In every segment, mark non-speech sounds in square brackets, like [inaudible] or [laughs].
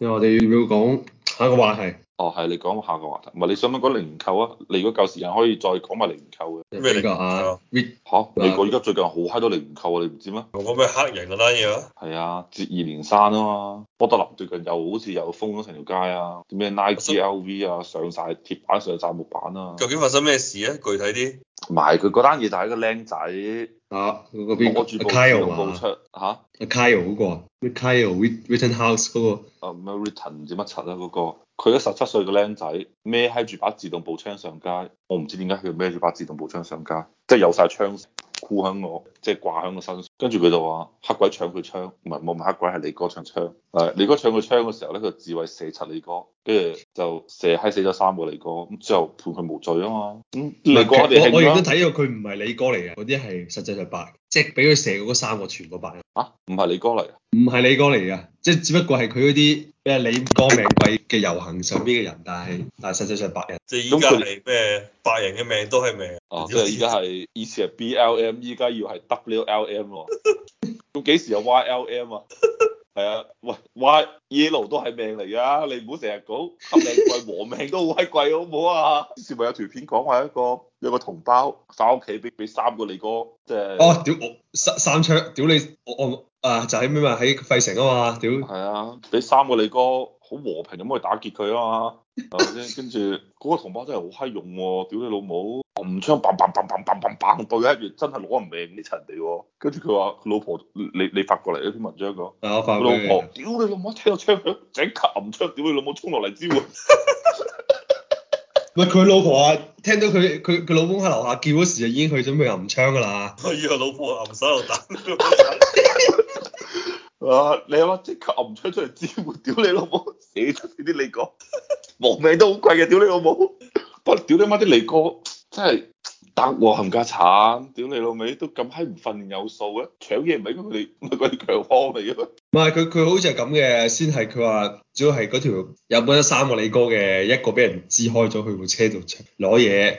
我哋要唔要講下一個話題？哦，係你講下個話題，唔係你想唔想講零元購啊？你如果夠時間可以再講埋零元購嘅咩？零元購啊，吓、啊！美國而家最近好嗨多零元購啊，你唔知咩？講咩黑人嗰單嘢啊？係啊，接二連三啊嘛，波特林最近又好似又封咗成條街啊，啲咩 Nike 想 LV 啊，上晒鐵板上晒木板啊！究竟發生咩事啊？具體啲？唔係佢嗰單嘢，係一個僆仔吓，攞住木塊喎，吓？阿 Kyle 嗰個啊，Richie Kyle Rittenhouse 嗰個，啊唔係 Rittenhouse 唔知乜柒啊？嗰個，佢一十七歲個僆仔孭喺住把自動步槍上街，我唔知點解佢孭住把自動步槍上街，即係有晒槍，箍喺我，即係掛喺我身上。跟住佢就話黑鬼搶佢槍，唔係，冇，唔係黑鬼，係李哥唱槍，誒李哥搶佢槍嘅時候咧，佢自衛射柒李哥，跟住就射嗨死咗三個李哥，咁最後判佢無罪啊嘛，咁我我亦都睇過佢唔係李哥嚟嘅，嗰啲係實際上白。即俾佢射嗰三個，全部白人。嚇？唔係尼哥嚟啊？唔係尼哥嚟噶，即只不過係佢嗰啲誒尼哥命貴嘅遊行上邊嘅人，但係但係實際上白人。即依家係咩？白人嘅命都係命。哦、啊，即係依家係以前係 B L M，依家要係 W L M 喎。要幾 [laughs] 時有 Y L M 啊？係啊，喂，挖野路都係命嚟㗎！你唔好成日講黑命貴，和命都好鬼貴，好唔好啊？之前咪有條片講話一個有個同胞翻屋企畀俾三個李哥，即係哦，屌我三三槍屌你我我啊就喺、是、咩嘛喺費城啊嘛屌，係啊畀三個李哥。好和平咁唔好去打劫佢啊嘛，跟住嗰個同胞真係好閪用喎，屌你老母，揞槍棒棒棒棒棒棒到對喺住，真係攞人命呢層地喎。跟住佢話佢老婆，你你發過嚟一篇文章我佢老婆，屌你老母，聽到槍響，整卡揞槍，屌你老母衝落嚟支援。喂，佢老婆啊，聽到佢佢佢老公喺樓下叫嗰時，就已經去準備揞槍噶啦。哎呀，老婆揞手打。啊！你阿媽即刻揞槍出嚟支援，屌你老母死出呢啲李哥，冇命都好貴嘅，屌你老母！不過屌你媽啲李哥真係得我冚家鏟！屌你老味都咁閪唔訓練有素嘅，搶嘢唔係因佢哋唔係佢強攻嚟嘅咩？唔係佢佢好似係咁嘅，先係佢話主要係嗰條有本身三個李哥嘅，一個俾人支開咗去部車度攞嘢。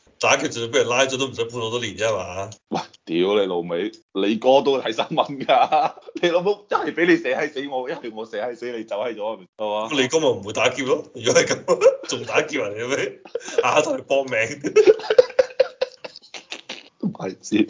打劫仲要俾人拉咗，都唔使判好多年啫嘛！喂，屌你老味！你哥都睇新聞噶？你老母真係俾你死，死我，因為我死，死你走喺咗，係嘛？你哥咪唔會打劫咯？如果係咁，仲打劫人哋咩？ [laughs] 下台搏命，唔係知。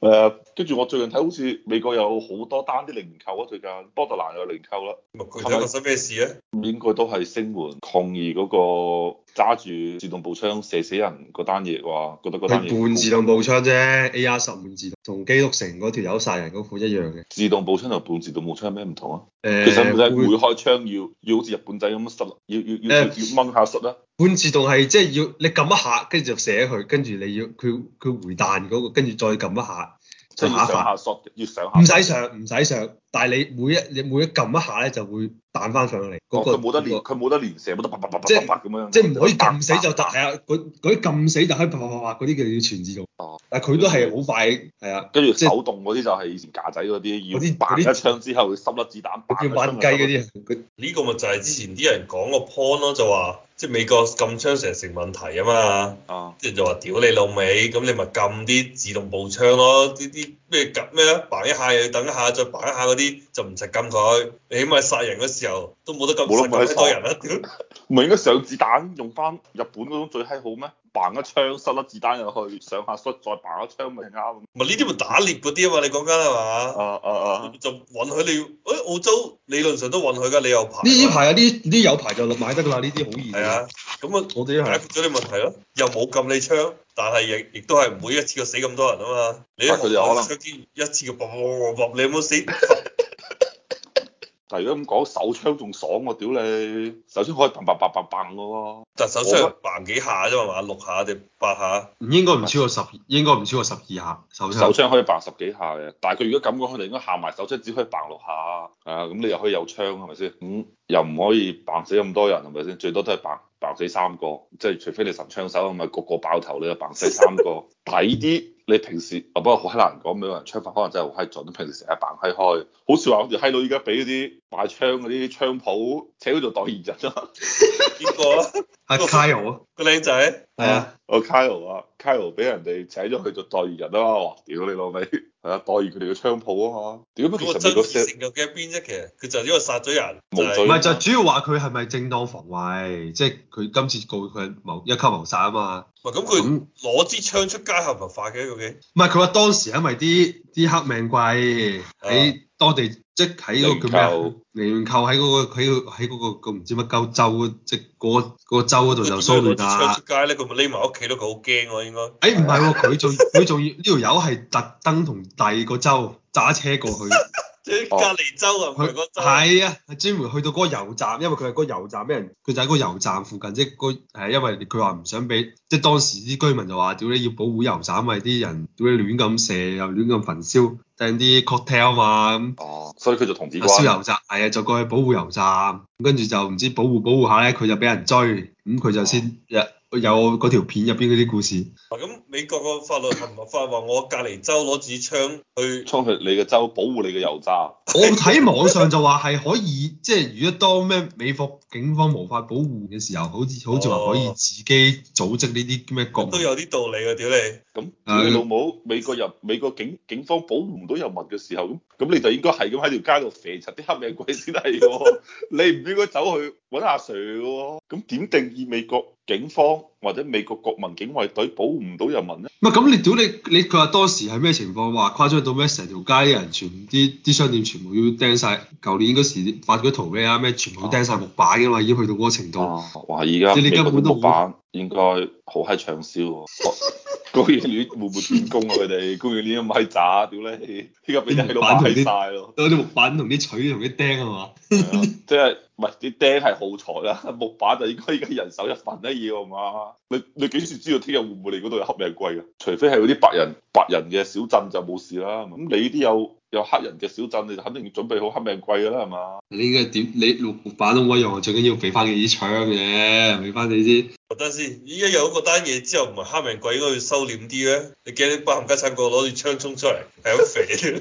誒，跟住我最近睇，好似美國有好多單啲零購啊，最近波特蘭有零購啦。係咪出咩事咧，啊？應該都係聲援抗議嗰，那個。揸住自動步槍射死人嗰單嘢，話覺得嗰單嘢係半自動步槍啫，A R 十半自動，同基督城嗰條友殺人嗰款一樣嘅。自動步槍同半自動步槍有咩唔同啊？其實唔使，是是會開槍會要要好似日本仔咁，塞要要要要掹下塞啦。半自動係即係要你撳一下，跟住就射佢，跟住你要佢佢回彈嗰、那個，跟住再撳一下，再下發。要上下唔使上，上，上，唔使上。但係你每一你每一撳一下咧，就會彈翻上嚟嗰個。佢冇得連，佢冇得連射，冇得啪啪啪啪啪咁樣，即係唔可以撳死就彈。係啊，嗰啲撳死就開啪啪啪嗰啲叫全自動。但係佢都係好快，係啊。跟住手動嗰啲就係以前架仔嗰啲嗰啲。扳一槍之後，塞粒子彈。叫扳雞嗰啲。呢個咪就係之前啲人講個 point 咯，就話即係美國禁槍成成問題啊嘛。哦。啲人就話：屌你老味，咁你咪撳啲自動步槍咯，啲啲咩撳咩啊？扳一下又等一下，再扳一下嗰啲。就唔使禁佢，你起碼殺人嘅時候都冇得咁殺咁多人啊！唔係應該上子彈用翻日本嗰種最閪好咩？扮一槍塞粒子彈入去，上下摔再扮一槍咪啱。唔係呢啲咪打獵嗰啲啊嘛？Uh, uh, uh. 你講緊係嘛？啊啊啊！就允許你，誒澳洲理論上都允許㗎，你有牌。呢啲牌啊？呢啲有牌就買得㗎啦，呢啲好易。係啊，咁啊，解決咗啲問題咯，又冇撳你槍。但係亦亦都係唔會一次過死咁多人啊嘛！你紅色槍支一次過嘣嘣你有冇死？ [laughs] 但係如果咁講，手槍仲爽喎、啊、屌你！手槍可以嘣嘣嘣嘣嘣嘅喎。但手槍嘣幾下啫嘛，六下定八下，應該唔超過十，應該唔超過十二下。手槍手槍可以嘣十幾下嘅，但係佢如果咁講，佢哋應該行埋手槍只可以嘣六下。啊，咁你又可以有槍係咪先？咁、嗯、又唔可以嘣死咁多人係咪先？最多都係嘣。爆死三個，即係除非你神槍手咁啊，個個爆頭你又爆死三個，抵啲。 [laughs] 你平時啊，不過好閪難講，每個人槍法可能真係好閪準，平時成日爆閪開。好似話，我條閪佬依家俾嗰啲賣槍嗰啲槍鋪請佢做代言人咯，結果，啊，阿 Kyle，靚仔。 [laughs] 係啊，個 Yeah. Kyle 啊，Kyle 俾人哋請咗去做代言人啊嘛，屌你老味！係啊，代言佢哋嘅槍鋪啊嚇，屌佢其實你個成有嘅編輯其實佢就因為殺咗人，唔係就是罪就是、主要話佢係咪正當防衛，即係佢今次告佢謀一級謀殺啊嘛。咁佢攞支槍出街合法嘅？究竟？唔係佢話當時因為啲啲黑命貴喺當地。即喺嗰、那個叫咩啊？零元購喺嗰個喺個喺嗰個唔知乜鳩州即個個州嗰度就收到啦。出出街咧，佢咪匿埋屋企咯，佢好驚喎應該。誒唔係喎，佢仲佢仲要呢條友係特登同第二個州揸車過去。 [laughs] 隔離洲啊，佢係啊，係專門去到嗰個油站，因為佢係嗰個油站咩人，佢就喺嗰個油站附近啫。嗰誒，因為佢話唔想俾，即係當時啲居民就話：屌你要保護油站，因為啲人屌你亂咁射又亂咁焚燒，掟啲 cocktail 啊嘛咁。哦，所以佢就同自己，燒油站係啊，就過去保護油站，跟住就唔知保護保護下咧，佢就俾人追，咁佢就先。啊有嗰條片入邊嗰啲故事。咁美國個法律唔合法話，我隔離州攞支槍去衝去 [laughs] 你嘅州，保護你嘅油渣。 [laughs] 我睇網上就話係可以，即係如果當咩美國警方無法保護嘅時候，好似好似話可以自己組織呢啲咩局。都有啲道理㗎，屌你。咁你老母美國人，美國警警方保護唔到人民嘅時候，咁咁你就應該係咁喺條街度肥殺啲黑命貴先得㗎 [laughs] 你唔應該走去揾阿 Sir 喎。咁點定義美國？警方或者美國國民警衛隊保護唔到人民咧？唔係咁你屌你你佢話當時係咩情況？話誇張到咩？成條街啲人全啲啲商店全部要釘晒，舊年嗰時發咗啲圖咩啊？咩全部釘晒木板嘅嘛，已經去到嗰個程度。哇、啊！而家即你根本都板，應該好係暢銷喎。 [laughs] 高爾尼會唔會轉工啊？佢哋高爾尼一米渣，屌你，依家俾啲老闆起曬咯。攞啲木板同啲錘同啲釘啊嘛？即係唔係啲釘係耗材啊！木板就應該而家人手一份啦要嘛。你你幾時知道聽日會唔會嚟嗰度有黑命貴啊？除非係嗰啲白人白人嘅小鎮就冇事啦。咁你啲有有黑人嘅小鎮，你就肯定要準備好黑命貴啦係嘛？你應該點你木板都冇用，最緊要俾翻你啲槍嘅，俾翻你啲。我等先，依家有嗰單嘢之後，唔係黑命貴應該要收斂啲咧？你驚啲白冚家產哥攞支槍衝出嚟，係好肥？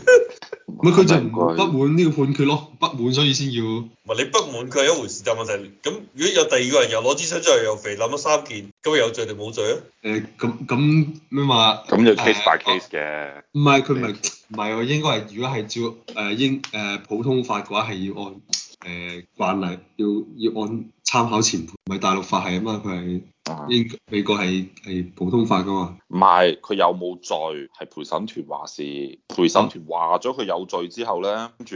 唔佢 [laughs] 就唔不滿呢個判決咯，不滿所以先要。唔係你不滿佢係一回事，但問題咁，如果有第二個人又攞支槍出嚟又肥，諗咗三件，咁有罪定冇罪啊？誒 de.、啊，咁咁咩話？咁就 case by case 嘅。唔係佢唔係唔係，我應該係如果係照誒英誒普通法嘅話，係要按誒慣例要要按。要要要按要要按參考前唔係大陸法係啊嘛，佢係英美國係係普通法噶嘛。唔係、啊、佢、啊、有冇罪？係陪審團話事。陪審團話咗佢有罪之後咧，跟住。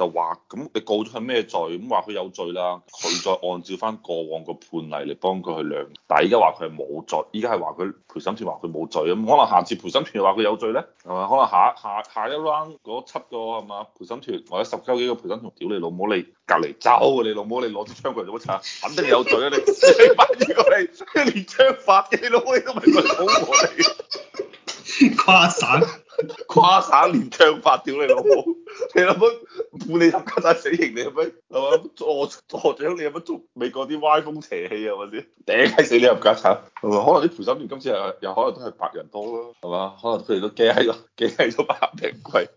就話咁，你告咗佢咩罪？咁話佢有罪啦，佢再按照翻過往個判例嚟幫佢去量。但係依家話佢係冇罪，依家係話佢陪審團話佢冇罪啊。咁可能下次陪審團又話佢有罪咧，係嘛？可能下下下一 round 嗰七個係嘛陪審團或者十九幾個陪審團屌你老母你隔離走你老母你攞支槍過嚟做乜柒？肯定你有罪啊！你擺住過嚟連槍法你老母都唔係個老母嚟，誇神！跨省聯槍法，屌你老母！你諗下判你冚家鏟死刑，你有乜係嘛？我我想你有乜捉美國啲歪風邪氣啊嘛先，頂死你入監晒。可能啲陪審員今次又可能都係白人多咯，係嘛？可能佢哋都驚喺度，驚喺咗白人吃虧。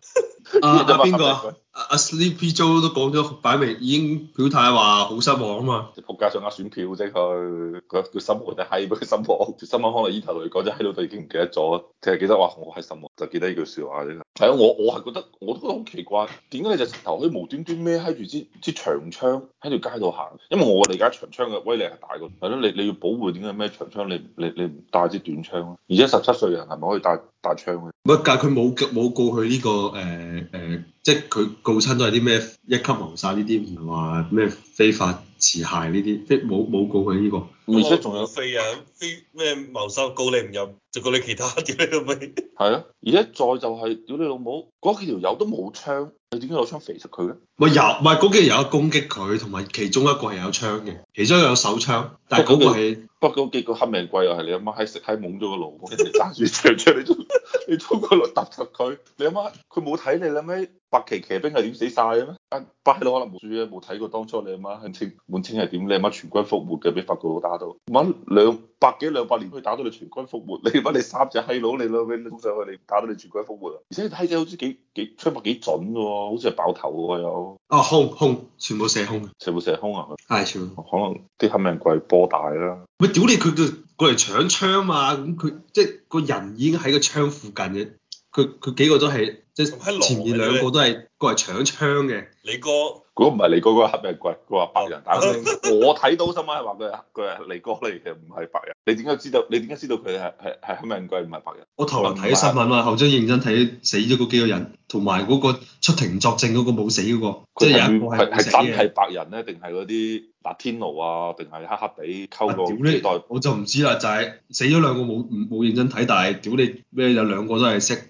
阿阿邊個阿 Sleepy Joe 都講咗擺明已經表態話好失望啊嘛。扑街上呃選票啫，佢佢失望得閪，佢失望。失望可能呢頭嚟講，真喺度都已經唔記得咗，淨係記得話我係失望，就記得。呢 s 句笑話啫，係啊！我我係覺得我都覺得好奇怪，點解你就直頭可以無端端孭喺住支支長槍喺條街度行？因為我哋而家長槍嘅威力係大過係咯，你你要保護點解咩長槍？你你你唔帶支短槍咯？而且十七歲人係咪可以帶帶槍嘅？唔係，但係佢冇冇告佢呢、這個誒誒、嗯呃，即係佢告親都係啲咩一級謀殺呢啲，唔係話咩非法。持械呢啲，即係冇冇告佢呢、這個而、 [laughs] 啊。而且仲有飛啊，飛咩謀收告你唔入，就告你其他啲咩都飛。係咯，而家再就係、是，屌你老母，嗰幾條友都冇槍，你點解有槍肥食佢咧？喂，又唔係嗰幾條友攻擊佢，同埋其中一個係有槍嘅，其中一個有手槍，但係嗰個係不過幾個黑命貴又係你阿媽喺食喺懵咗個腦，跟住揸住槍出嚟，你通過落揼揼佢，你阿媽佢冇睇你啦咩？白旗騎兵係點死晒嘅咩？啊！佬可能冇注意，冇 [noise] 睇樂過當初你阿媽係清滿清係點？你阿媽全軍覆沒嘅，俾法國佬打到揾兩百幾兩百年可以打到你全軍覆沒。你把，你三隻閪佬，你攞咩上去？你打到你全軍覆沒啊！而且你睇仔好似幾幾槍法幾準喎，好似係爆頭喎又。有啊，空空全部射空，全部射空，部射空啊！係全部可能啲黑命貴波大啦。咪屌你！佢就過嚟搶槍啊嘛！咁佢即係個人已經喺個槍附近嘅，佢佢幾個都係。即係前面兩個都係個嚟搶槍嘅，李哥。如果唔係你哥，嗰個黑命貴，佢話白人打佢。我睇到新聞係話佢佢係李哥嚟嘅，唔係白人。你點解知道？你點解知道佢係係係黑命貴唔係白人？我頭輪睇新聞啦，後張認真睇死咗嗰幾個人，同埋嗰個出庭作證嗰個冇死嗰個，即係人，一係真係白人咧，定係嗰啲拉丁奴啊，定係黑黑地溝過幾代？啊、我就唔知啦，就係、是、死咗兩個冇冇認真睇，但係屌你咩？有兩個都係識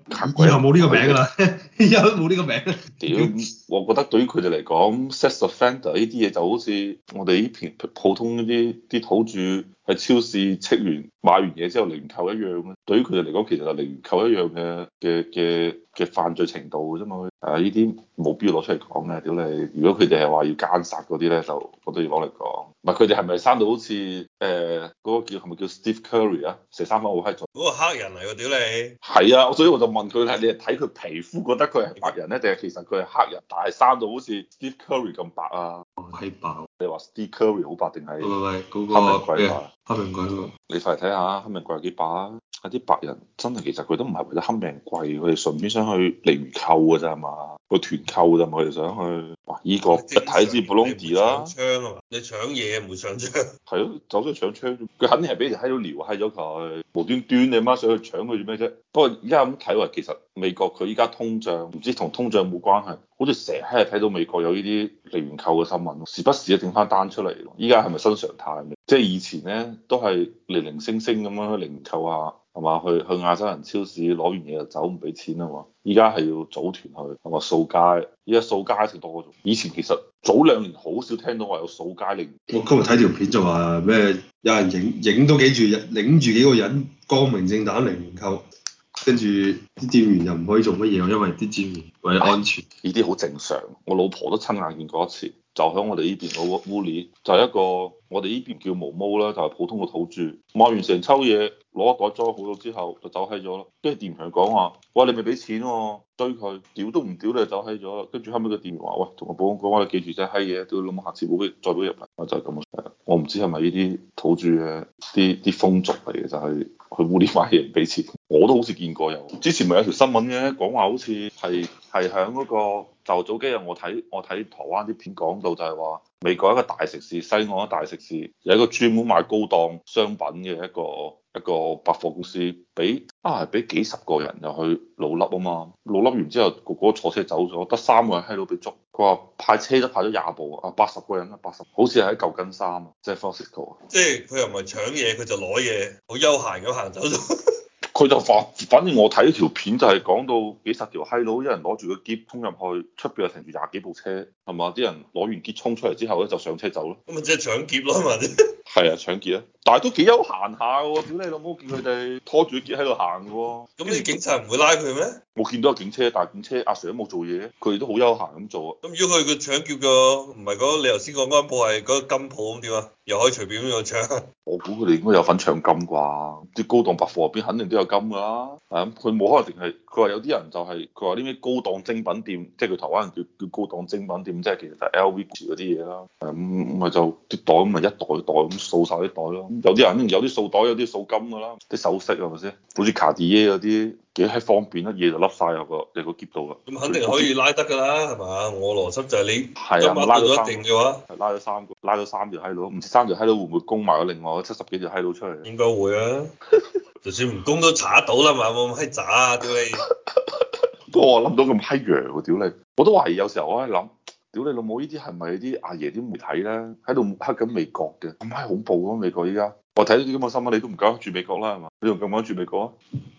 咁以後冇呢個名㗎啦，以後都冇呢個名。屌！我覺得對於佢哋嚟講，sex offender 呢啲嘢就好似我哋啲平普通嗰啲啲土著喺超市測完買完嘢之後零購一樣。對於佢哋嚟講，其實係零購一樣嘅嘅嘅嘅犯罪程度啫嘛。誒呢啲冇必要攞出嚟講嘅。屌你，如果佢哋係話要奸殺嗰啲咧，就我都要攞嚟講。唔係佢哋係咪生到好似誒嗰個叫係咪叫 Steve Curry 啊，射三分好閪準？嗰個黑人嚟㗎，屌你！係啊，所以我就。問佢咧，你係睇佢皮膚覺得佢係白人咧，定係其實佢係黑人，大係生好似 Stephen Curry 咁白啊？係白。你話、那個、Stephen Curry 好白定係？唔係唔係，嗰個黑命貴白。黑命貴喎。貴你快嚟睇下黑命貴有幾白啊？啲白人真係其實佢都唔係為咗黑命貴，佢哋順便想去零元購㗎啫嘛，個團購㗎嘛，佢哋想去。哇！依、這個一睇知布隆迪啦，搶啊！你搶嘢唔會搶槍，係咯，走咗去搶槍，啊，佢肯定係俾人喺度撩閪咗佢，無端端你媽媽上去搶佢做咩啫？不過依家咁睇話，其實美國佢依家通脹，唔知同通脹冇關係，好似成日睇到美國有呢啲零元購嘅新聞，時不時啊整翻單出嚟。依家係咪新常態咧？即係以前咧都係零零星星咁樣零購下，係嘛？去去亞洲人超市攞完嘢就走，唔俾錢啊嘛！依家係要組團去，係咪掃街？是而家掃街就多咗，以前其實早兩年好少聽到話有掃街零。我今日睇條片就話咩，有人影影到幾住，拎住幾個人光明正大零購，跟住啲店員又唔可以做乜嘢，因為啲店員為咗安全。呢啲好正常，我老婆都親眼見過一次。就喺我哋呢邊嘅烏烏獼，就係一個我哋呢邊叫毛毛啦，就係普通嘅土著，買完成抽嘢攞一袋裝好咗之後就走喺咗咯。跟住店員講話，哇，你咪俾錢喎！追佢屌都唔屌，你就走喺咗。跟住後尾個店員話，喂，同個保安講，你記住啫，閪嘢，對老母下次冇俾再俾入嚟。我就係咁啊！我唔知係咪呢啲土著嘅啲啲風俗嚟嘅，就係佢污獼買嘢唔俾錢。我都好似見過有，之前咪有條新聞嘅，講話好似係係喺嗰個。就早幾日我睇我睇台灣啲片講到就係話美國一個大城市西岸一個大城市有一個專門賣高檔商品嘅一個一個百貨公司俾啊俾幾十個人又去攞笠啊嘛攞笠完之後個個坐車走咗，得三個人喺度被捉。佢話派車都派咗廿部啊，八十個人啊八十，80, 好似係喺舊金山啊，即係 Francisco 啊，即係佢又唔係搶嘢，佢就攞嘢，好悠閒咁行走咗。佢就發，反正我睇條片就係講到幾十條閪佬，一人攞住個喼衝入去，出邊又停住廿幾部車，係嘛？啲人攞完喼衝出嚟之後咧，就上車走咯。咁咪即係搶劫咯，咪？係啊，搶劫啊，但係都幾休閒下喎。屌你老母，叫佢哋拖住啲喼喺度行嘅喎、啊。咁你警察唔會拉佢咩？我見到有警車，但係警車阿、啊、sir 都冇做嘢，佢哋都好休閒咁做啊。咁如果佢個搶劫嘅唔係嗰你頭先講嗰間鋪係嗰金鋪咁點啊？又可以隨便咁樣搶？ [laughs] 我估佢哋應該有份搶金啩，啲高檔百貨入邊肯定都有。金噶啦，係咁、啊，佢、嗯、冇可能定係，佢話有啲人就係、是，佢話啲咩高檔精品店，即係佢台灣人叫叫高檔精品店，即係其實就係 LV 嗰啲嘢啦，咁、嗯，咪就啲袋咁咪一袋一袋咁掃晒啲袋咯、啊，有啲人有啲掃袋，有啲掃金噶啦，啲首飾係咪先？好似 Cartier 嗰啲幾閪方便一嘢就甩晒入個入個夾度噶。咁肯定可以拉得噶啦，係嘛？我邏輯就係你，係啊，拉咗一定嘅話，拉咗三個，拉咗三條喺度。唔知三條喺度會唔會供埋個另外七十幾條喺度出嚟？應該會啊。 [laughs] 就算唔蚣都查得到啦嘛，冇咁閪渣啊屌你！不過 [laughs] 我諗到咁閪樣喎屌你！我都懷疑有時候我喺諗，屌你老母呢啲係咪啲阿爺啲媒體咧喺度黑緊美國嘅咁閪恐怖咯、啊、美國依家，我睇到啲咁嘅新聞你都唔敢住美國啦係嘛？你仲敢唔敢住美國啊？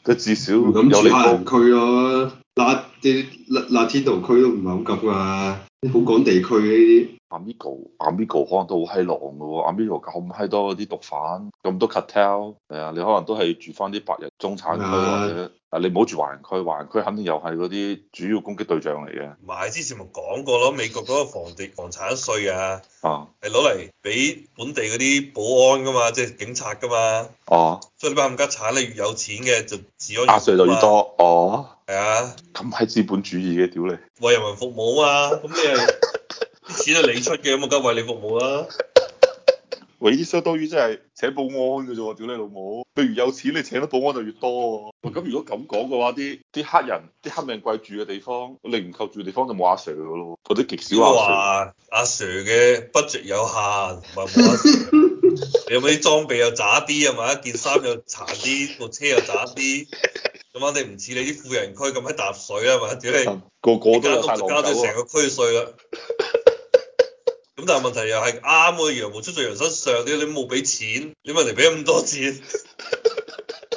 即至少有啲黑人區咯，拉啲拉天奴區都唔係好急啊，好講地區呢啲。阿米哥，阿米哥可能都好閪狼噶喎，阿米哥搞咁閪多嗰啲毒販，咁多 cartel，係啊，你可能都係住翻啲白日中產區或者，啊你唔好住華人區，華人區肯定又係嗰啲主要攻擊對象嚟嘅。唔係之前咪講過咯，美國嗰個房地房產稅啊，啊係攞嚟俾本地嗰啲保安噶嘛，即係警察噶嘛。哦、啊。即係你買唔家產，你越有錢嘅就繳稅、啊啊、就越多。哦。係啊。咁閪、啊、資本主義嘅屌你。為人民服務啊，咁你啲錢係你出嘅，咁啊梗係為你服務啦。喂，啲相當於即係請保安嘅啫喎，屌你老母！譬如有錢你請得保安就越多。咁如果咁講嘅話，啲啲黑人，啲黑命貴住嘅地方，你唔夠住嘅地方就冇阿 Sir 咯。嗰啲極少阿 Sir。都話阿 Sir 嘅 budget 有限，唔係冇阿 Sir。有冇啲裝備又渣啲啊？嘛，件一件衫，又渣啲，部車又渣啲，咁樣你唔似你啲富人區咁喺搭水啊？嘛，屌你。個個都加多，成個區稅啦。 [laughs] 咁但係問題又係啱喎，羊毛出在羊身上啲，你冇俾錢，你問題俾咁多錢。 [laughs]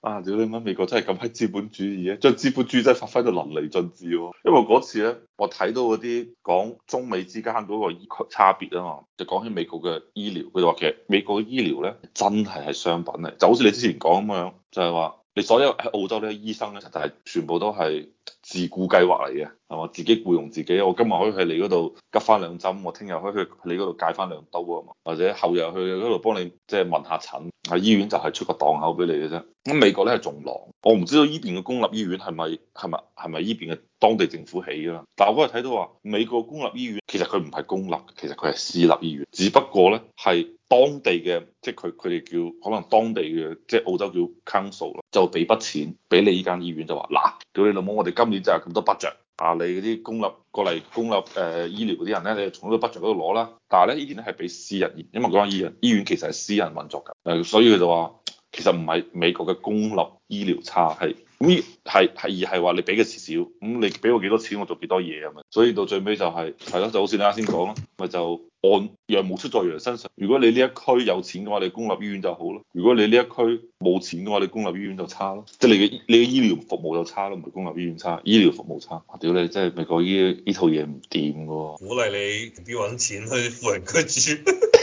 [laughs] 啊，屌你媽！美國真係咁喺資本主義啊，將資本主義真係發揮到淋漓盡致喎。因為嗰次咧，我睇到嗰啲講中美之間嗰個差別啊嘛，就講起美國嘅醫療，佢就話其實美國嘅醫療咧真係係商品嚟，就好似你之前講咁樣，就係話你所有喺澳洲呢啲醫生咧，實際係全部都係。自雇計劃嚟嘅，係嘛？自己僱用自己，我今日可以去你嗰度拮翻兩針，我聽日可以去你嗰度戒翻兩刀啊嘛，或者後日去嗰度幫你即係問下診，喺醫院就係出個檔口俾你嘅啫。咁美國咧係仲狼，我唔知道呢邊嘅公立醫院係咪係咪係咪呢邊嘅當地政府起㗎啦。但係我嗰日睇到話，美國公立醫院其實佢唔係公立，其實佢係私立醫院，只不過咧係。當地嘅，即係佢佢哋叫，可能當地嘅，即係澳洲叫 council 啦，就俾筆錢俾你依間醫院，就話嗱、啊，叫你老母，我哋今年就係咁多 budget，啊，你嗰啲公立過嚟公立誒、呃、醫療嗰啲人咧，你就從呢個 budget 嗰度攞啦。但係咧，以前咧係俾私人，因為嗰間醫院醫院其實係私人運作㗎，所以佢就話其實唔係美國嘅公立醫療差，係呢係係而係話你俾嘅時少，咁你俾我幾多錢，我做幾多嘢咁樣，所以到最尾就係係咯，就好似你啱先講咯，咪就。羊毛出在羊身上，如果你呢一區有錢嘅話，你公立醫院就好咯；如果你呢一區冇錢嘅話，你公立醫院就差咯，即係你嘅你嘅醫療服務就差咯，唔係公立醫院差，醫療服務差。屌、啊你，啊、你，真係美國醫呢套嘢唔掂嘅，鼓勵你要揾錢去富人區住。 [laughs]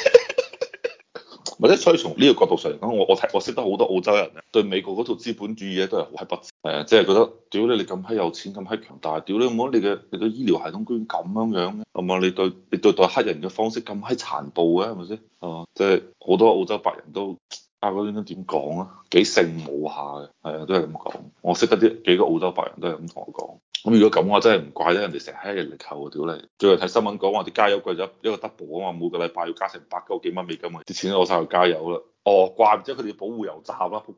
或者所以從呢個角度上嚟講，我我睇我識得好多澳洲人對美國嗰套資本主義咧都係好閪不，誒即係覺得屌你，你咁閪有錢咁閪強大，屌你冇你嘅你嘅醫療系統居然咁樣樣嘅，係嘛？你對你對，你對待黑人嘅方式咁閪殘暴嘅係咪先？係嘛？即係好多澳洲白人都啊嗰啲都點講啊？那個、幾聖母下嘅，係啊，都係咁講。我識得啲幾個澳洲白人都係咁同我講。咁如果咁嘅真係唔怪得人哋成日喺人嚟扣啊屌你！最後睇新聞講話啲加油貴咗一個 double 啊嘛，每個禮拜要加成百幾蚊美金啊，啲錢攞晒去加油啦。哦，怪唔知佢哋要保護油站啦，仆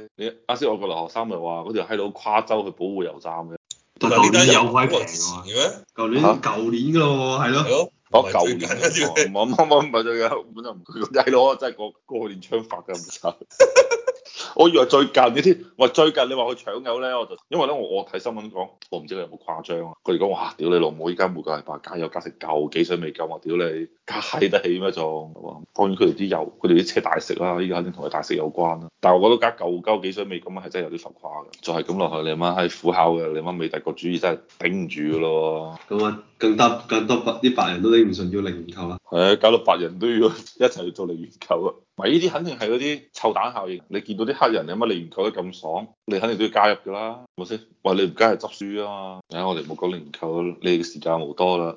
街！你阿先我個留學生咪話嗰條閪佬跨州去保護油站嘅，但係呢單油費舊年舊年嘅喎，係咯係咯，我舊年唔乜乜乜乜嘅，根本就唔係咯，真係過過年槍發嘅唔錯。 [laughs] 我以為最近嘅添，唔最近你話佢搶購咧，我就因為咧我我睇新聞講，我唔知佢有冇誇張啊。佢哋講哇，屌你老母，依家每個禮拜加油加成舊幾水未夠，我屌你，加得起咩仲？當然佢哋啲油，佢哋啲車大食啦、啊，依家肯定同佢大食有關啦、啊。但係我覺得加舊膠幾水未夠，我係真係有啲浮誇嘅。就係咁落去，你媽閪虎口嘅，你媽美帝國主義真係頂唔住咯。咁啊、嗯，更加更多啲白人都頂唔順要零元購啊！係啊、嗯，搞到白人都要一齊要做零元購啊！呢啲肯定係嗰啲臭蛋效應，你見到啲黑人有乜零元購得咁爽，你肯定都要加入㗎啦，係咪先？你唔加係執輸啊嘛！睇我哋冇講零元購，你嘅時間冇多啦。